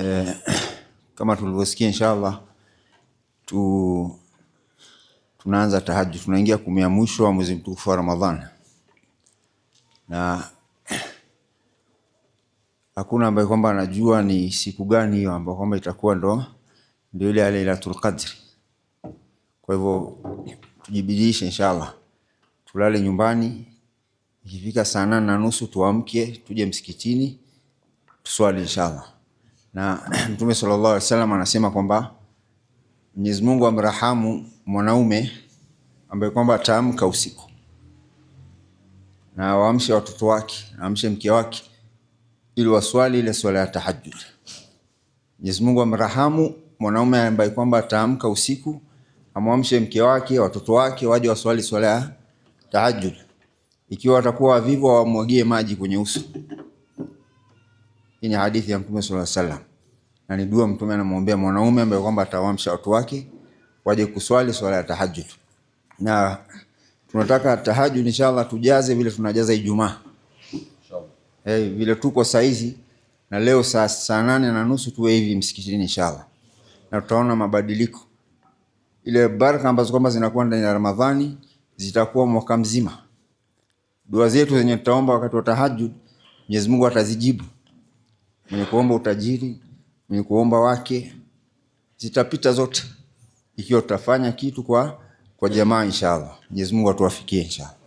Eh, kama tulivyosikia inshallah tu, tunaanza tahajjud, tunaingia kumi ya mwisho wa mwezi mtukufu wa Ramadhan, na hakuna ambaye kwamba anajua ni siku gani hiyo ambayo kwamba itakuwa ndo ndio ile Lailatul Qadri. Kwa hivyo tujibidishe inshallah, tulale nyumbani, ikifika saa nane na nusu tuamke, tuje msikitini tuswali inshallah na Mtume sallallahu alaihi wasallam anasema kwamba Mwenyezi Mungu amrahamu mwanaume ambaye kwamba ataamka usiku na waamshe watoto wake, aamshe mke wake ili waswali ile swala ya tahajjud. Mwenyezi Mungu amrahamu mwanaume ambaye kwamba ataamka usiku amwamshe mke wake, watoto wake waje waswali swala ya tahajjud, ikiwa watakuwa wavivu, wamwagie maji kwenye uso. Hii ni hadithi ya Mtume sallallahu alaihi wasallam na ni dua Mtume anamwombea mwanaume ambaye kwamba atawaamsha watu wake waje kuswali swala ya tahajjud, na tunataka tahajjud inshallah tujaze vile tunajaza Ijumaa. inshallah eh, Hey, vile tuko saizi na leo saa saa nane na nusu tuwe hivi msikitini inshallah, na tutaona mabadiliko. Ile baraka ambazo kwamba zinakuwa ndani ya Ramadhani zitakuwa mwaka mzima. Dua zetu zenye tutaomba wakati wa tahajjud Mwenyezi Mungu atazijibu mwenye kuomba utajiri, mwenye kuomba wake, zitapita zote ikiwa tutafanya kitu kwa, kwa jamaa inshallah. Mwenyezi Mungu atuwafikie inshallah.